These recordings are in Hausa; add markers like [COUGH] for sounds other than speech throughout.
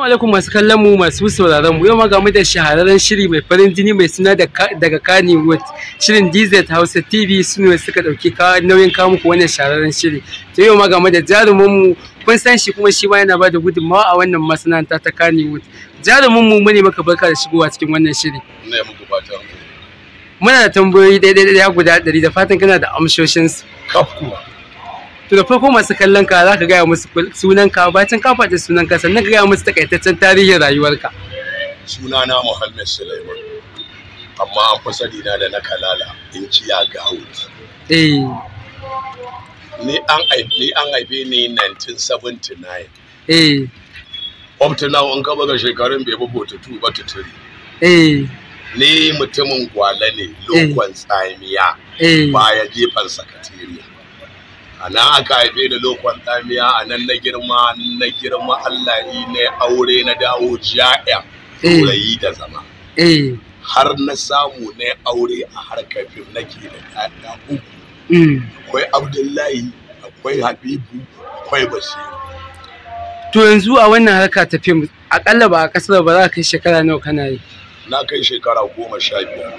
Assalamu alaikum masu kallon mu masu sauraron mu yau ma game da shahararren shiri mai farin jini mai suna daga Kani shirin DZ Hausa TV su ne suka dauki nauyin kawo muku wannan shahararren shiri to yau ma game da jarumin mu kun san shi kuma shi ma yana da gudunmawa a wannan masana'anta ta Kani Wood jarumin mu mune maka barka da shigowa cikin wannan shiri muna da tambayoyi daidai da guda 100 da fatan kana da amshoshin su to da farko masu kallon ka za ka gaya musu sunan ka bacin ka faɗi sunan ka sannan ka gaya musu takaitaccen tarihin rayuwarka sunana Muhammad Sulaiman amma an fi sani na da na kalala in ci ya ga eh ni an ni an aibe ni 1979 eh up to now in ka baga shekarun bai bubu ta tu ba ta turi eh ni mutumin gwale ne eh. lokon tsamiya eh. baya jefan sakatariya a nan aka haife da lokon tsamiya a nan na girma na girma Allah ni na aure na dawo jaya turayi eh. da zama eh. har na samu na aure a harkar fim ke da ɗaya uku eh. akwai abdullahi akwai habibu akwai basiru to yanzu a wannan harka ta fim akalla ba a kasar ba za ka kai shekara nawa kana yi na kai shekara goma sha biyar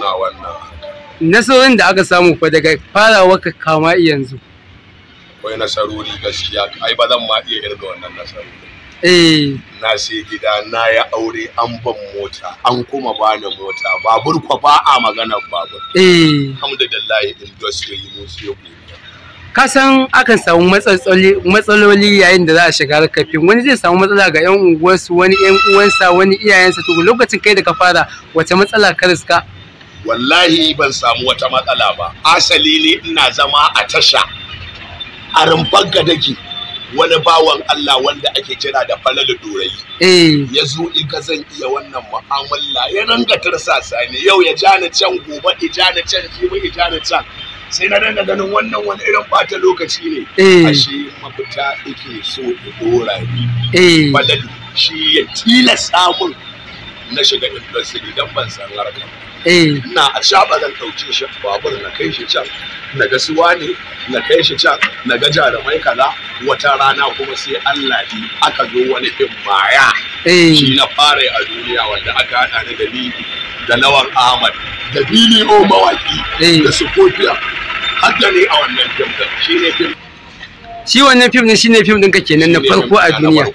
na wannan nasarorin da aka samu fa daga farawa ka kama yanzu akwai nasarori gaskiya ai ba zan ma iya irga wannan nasarori Eh. na sai gida na ya aure an ban mota an kuma bani mota babur kwa ba a maganar babur eh alhamdulillah industry mu sai san akan samu matsaloli yayin da za a shiga kafin wani zai samu matsala ga yan uwansu wani yan uwansa wani iyayensa to lokacin kai da ka fara wace matsala ka riska wallahi ban samu wata matsala ba asali ne ina zama a tasha a rumfar gadaki wani bawan Allah wanda ake kira da falalu dorayi eh. ya zo in ka zan iya wannan mu'amala ya ranga tursasa ne yau ya ja ni can gobe ya ja ni can jibi ya ja ni can sai na ranga ganin wannan wani irin bata lokaci ne eh. ashe mafita yake so da dora eh. falalu shi ya tilasta mun na shiga industry dan ban san harkar Eh. ina a shaba zan ɗauke shi babur na kai shi can na ga suwa ne na kai shi can na ga jarumai kaza wata rana kuma sai Allah ne aka zo wani fim maya eh. shi na fara a duniya wanda aka hada da dalili da Lawal Ahmad da Bili O mawaki eh. da Scorpion hadda ne a wannan fim din shi ne fim shi wannan fim din ne fim din kake nan na farko a duniya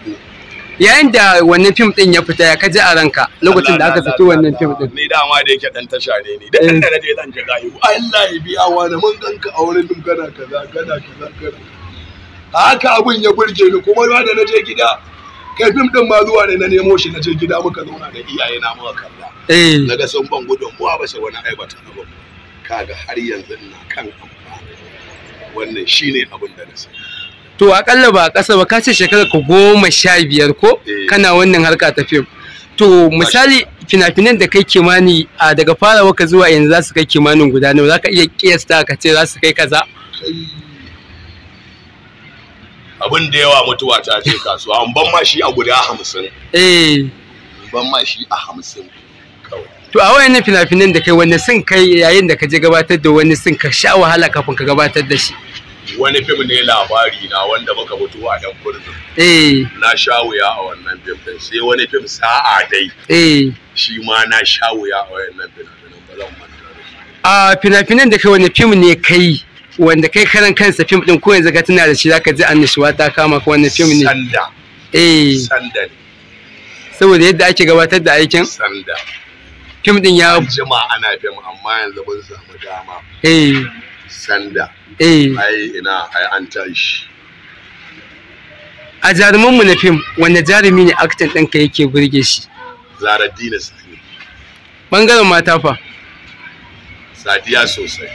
yayin da wannan fim din ya fita ya kaji a ranka lokacin da aka fito wannan fim din ni dama da yake dan tasha ne ni da inda je zan je gayu Allah ya biya wa da mun ganka a wurin dum kana kaza kana kaza kana haka abun ya burge ni kuma ba da naje gida kai fim din ma zuwa ne na nemo shi naje gida muka zauna da iyaye na muka kalla eh naga sun ban gudun muwa ba sai wani aibata na ba kaga har yanzu ina kan amfani wannan shine abin da na sani to akalla ba a ba ka ce shekarar ka goma sha biyar ko eh. kana wannan harka ta fim to misali fina-finan da kai kimani a daga farawa ka zuwa yanzu za su kai kimanin guda nawa za ka iya kiyasta ka ce za su kai kaza abin da yawa mutuwa ta ce kasuwa an ban ma shi a guda hamsin eh ban ma shi a hamsin to a wayannan fina-finan da kai wani sun kai yayin da ka je gabatar da wani sun ka sha wahala kafin ka gabatar da shi wani fim ne labari na wanda muka mutu a dan kurzun eh. na sha wuya a wannan fim din sai wani fim sa'a dai eh. shi ma na sha wuya a wannan fim din ba zan manta a fina-finan da kai wani fim ne kai wanda kai karan kansa fim din ko yanzu ka tuna da shi zaka ji annishuwa ta kama ka wani fim ne sanda eh sanda ne saboda yadda ake gabatar da aikin sanda fim din ya jima ana fim amma yanzu mun samu dama eh sanda eh ai ina ai an tashi a jarumin mu na fim wanda jarumi ne aktan ɗinka yake burge shi zaraddina sani bangaren mata fa sadiya sosai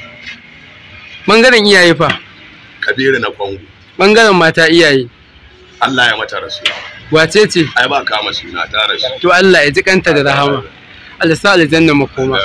bangaren iyaye fa kabiru na kwango bangaren mata iyaye Allah ya mata rasuwa wace ce ai ba kama suna ta rasu to Allah ya ji kanta da rahama alisa aljanna makoma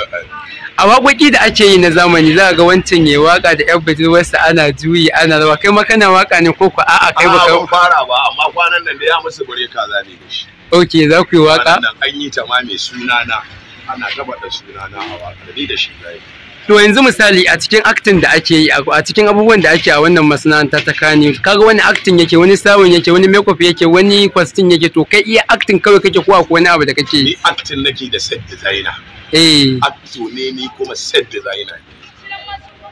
a waƙoƙi da ake yi na zamani za a ga wancan ya waka da yan budurwarsa ana juyi ana rawa kai ma kana waka ne ko ku a'a kai ba ka fara ba amma kwanan nan da ya musu bare kaza ne da shi ok za ku yi waka nan an yi tamami sunana ana gaba da sunana a waka da shi zai to yanzu misali a cikin aktin da ake yi a cikin abubuwan da ake a wannan masana'anta ta kani kaga wani aktin yake wani sawun yake wani makeup yake wani kwastin yake to kai iya aktin kawai kake ko wani abu da kake yi aktin nake da set designer eh akto ne ni kuma set designer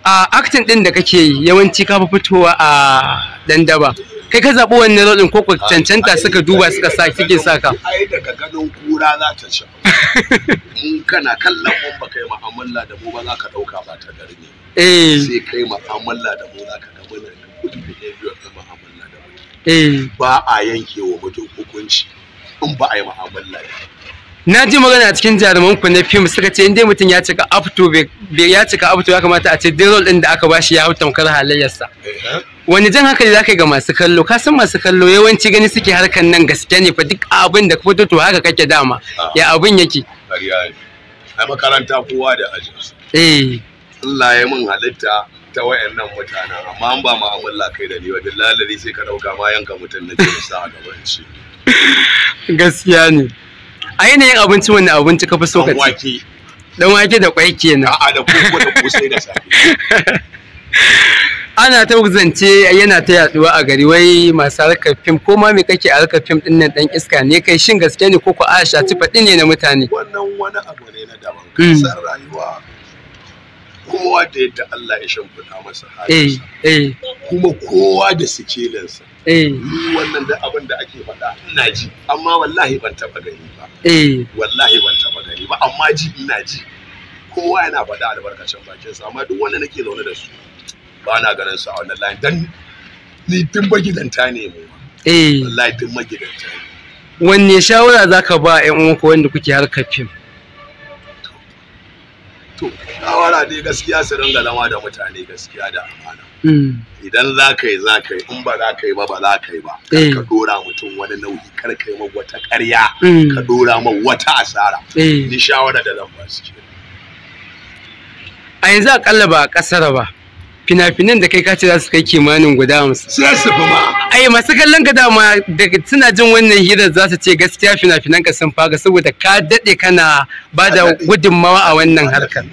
a aktin din da kake yi yawanci ka fi fitowa a dandaba kai ka zaɓi wannan rolin ko cancanta suka duba suka sa kike saka ai daga gado kura za ta shafa in kana kallon mun ba kai mu'amala da mu ba za ka dauka ba ta garin ne eh sai kai mu'amala da mu za ka ga muna da good behavior da mu'amala da mu eh ba a yanke wa mutum hukunci in ba a yi mu'amala da na ji magana a cikin jaruman ku na fim suka ce inda mutum ya cika up to ya cika up to ya kamata a ce dirol din da aka bashi ya hau tamkar halayyarsa eh, eh. wani jan hankali zaka ga masu kallo ka san masu kallo yawanci gani suke harkan nan gaskiya ne fa duk abin da ka fito to haka kake dama ya abin yake a makaranta kowa da ajinsu eh Allah ya mun halitta ta wayannan mutanen amma an ba mu'amala kai da ni wa billahi sai ka dauka ma yanka mutum na ke sa a gaban shi [LAUGHS] gaskiya ne a yanayin abinci wani abinci ka fi so ka ci dan wake da kwai kenan a'a da koko da kosai da safe [LAUGHS] ana ta zance yana ta yaduwa a gari wai masu harkar fim ko ma me kake a harkar fim dinnan dan iska ne kai shin gaske ne ko ko a sha faɗi ne na mutane wannan wani abu ne na daban kasar rayuwa kowa da yadda Allah ya shimfiɗa masa eh, halinsa eh. kuma kowa da sikilinsa eh. ni wannan da abin da ake faɗa ina ji amma wallahi ban taɓa gani ba wallahi ban taɓa gani ba amma ji ina ji kowa yana faɗa albarkacin bakinsa amma duk wanda nake zaune da su ba na ganin su a wannan layin dan ni tun magidanta ne mu eh wallahi tun magidanta wanne shawara zaka ba ƴan ko wanda kuke harka fim to shawara dai gaskiya su ringa zama da mutane gaskiya da amana mm. idan za ka yi za ka yi in ba za ka yi ba ba za ka yi ba eh. ka dora mutum wani nauyi kar ka yi ma wata ƙarya, mm. ka dora ma wata asara eh. ni shawara da zan ba su a yanzu ƙalla ba a ƙasar ba fina-finan da kai ka ce za su kai kimanin guda musu. Za su fi ma. Ai masu kallon ka dama daga suna jin wannan hirar za su ce gaskiya fina-finan ka sun faga saboda ka daɗe kana ba da gudunmawa a wannan harkar.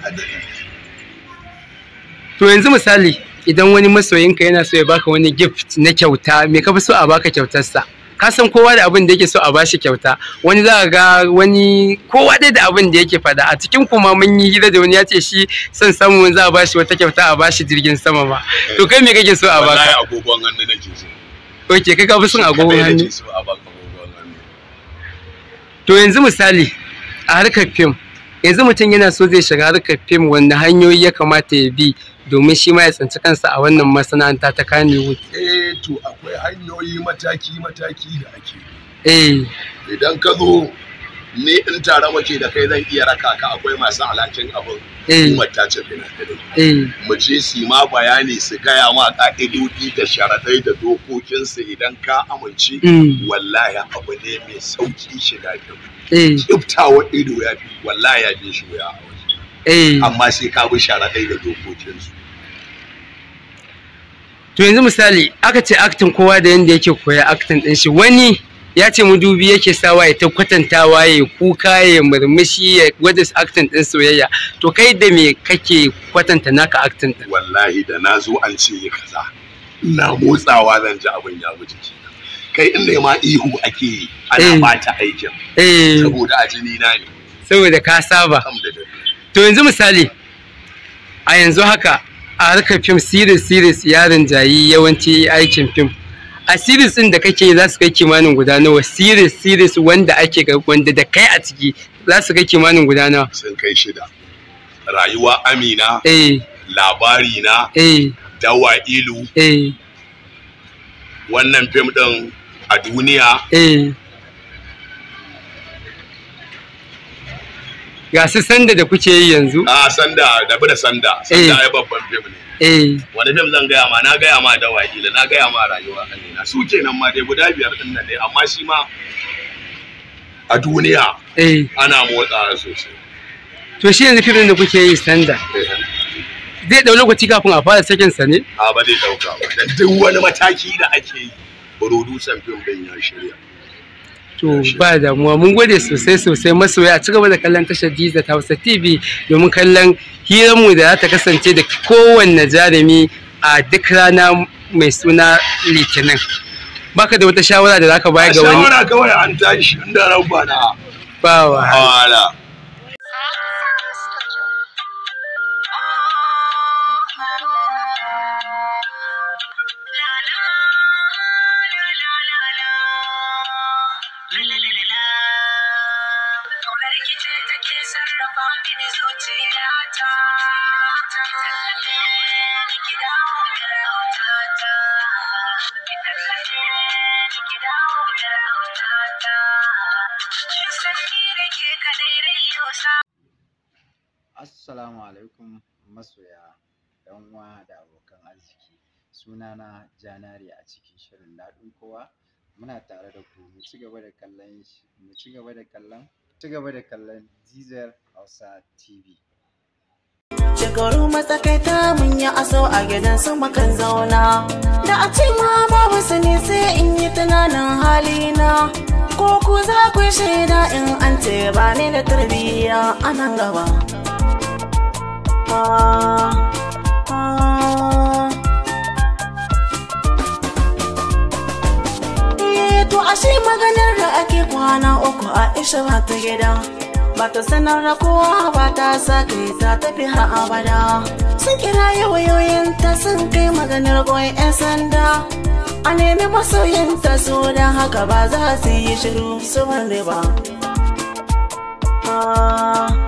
To yanzu misali idan wani masoyinka yana so ya baka wani gift na kyauta me ka fi so a baka kyautarsa? ka san kowa da abin da yake so a bashi kyauta wani za ga wani kowa dai da abin da yake fada a cikin kuma mun yi hira da wani ya ce shi son samu za a bashi wata kyauta a bashi jirgin sama ba. to kai me kake so a baka wallahi agogon hannu nake so oke kai ka fi son agogon hannu to yanzu misali a harkar fim yanzu mutum yana so zai shiga harkar fim wanda hanyoyi ya kamata ya bi domin shi ma ya tsinci kansa a wannan masana'anta ta kanewood eh to akwai hanyoyi mataki mataki da ake eh idan ka zo ni in tare muke da kai zan iya raka ka akwai masu alhakin abin hukumar eh. ce fina eh. mu je su ma bayani su gaya ma ka'idodi da sharadai da dokokinsu idan ka amince mm. wallahi abu ne mai sauki shiga kyau. Eh. kiftawa ido ya fi wallahi ya fi shi wuya eh. amma sai ka bi sharaɗai da dokokinsu to yanzu misali aka ce aktin kowa da yanda yake koya aktin ɗin shi wani ya ce madubi yake sawa ya ta kwatantawa ya kuka ya murmushi ya gwada aktin ɗin soyayya to kai da me kake kwatanta naka aktin ɗin wallahi da na zo an ce kaza na motsawa zan ji abin ya bi jiki kai in ne ma ihu ake ana eh. bata aikin eh. saboda a jini na ne saboda ka saba to yanzu misali a yanzu haka a harkar fim series series yaron jayi yawanci aikin fim a series din da kake za su kai kimanin guda nawa series series wanda ake wanda da kai a ciki za su kai kimanin guda nawa sun kai shida rayuwa amina eh labari na eh dawa ilu eh wannan fim din a duniya eh ga su sanda da kuke yi yanzu a sanda da bi da sanda eh. sanda ya babban fim ne eh wani fim zan gaya ma na gaya ma da wahila na gaya ma rayuwa na su kenan ma dai guda biyar din nan ne, amma shi ma a duniya eh ana motsa sosai to shi yanzu fim da kuke yi sanda eh. zai dau lokaci kafin a fara sakin sa ne a ba zai dauka ba duk wani mataki da ake yi producer film din ya shirya to ba damuwa mun gode sosai sosai masoya a cigaba da kallon tashar Diza ta Hausa TV domin kallon mu da za ta kasance da kowanne jarumi a duk rana mai suna Litinin baka da wata shawara da zaka bayar ga wani shawara kawai an tashi inda na ba Assalamu alaikum masoya ɗan uwa da abokan arziki sunana Janari a cikin shirin daɗin kowa muna tare da ku mu ci gaba da kallon mu ci gaba da kallon ci gaba da kallon Hausa TV shekaru matsakaita mun yi aso a gidan su makan zauna da a ce ma babu su ne sai in yi tunanin halina ko ku za ku shaida in an ce ba ni da tarbiyya a nan gaba eh, To ashe maganar da ake kwana uku a isha ta gida bata sanar da kowa bata ta ta tafi har abada sun kira yawayoyin ta sun kai maganar goyon 'yan sanda a nemi masoyin ta su don haka ba za su yi shiru su ba. Ah.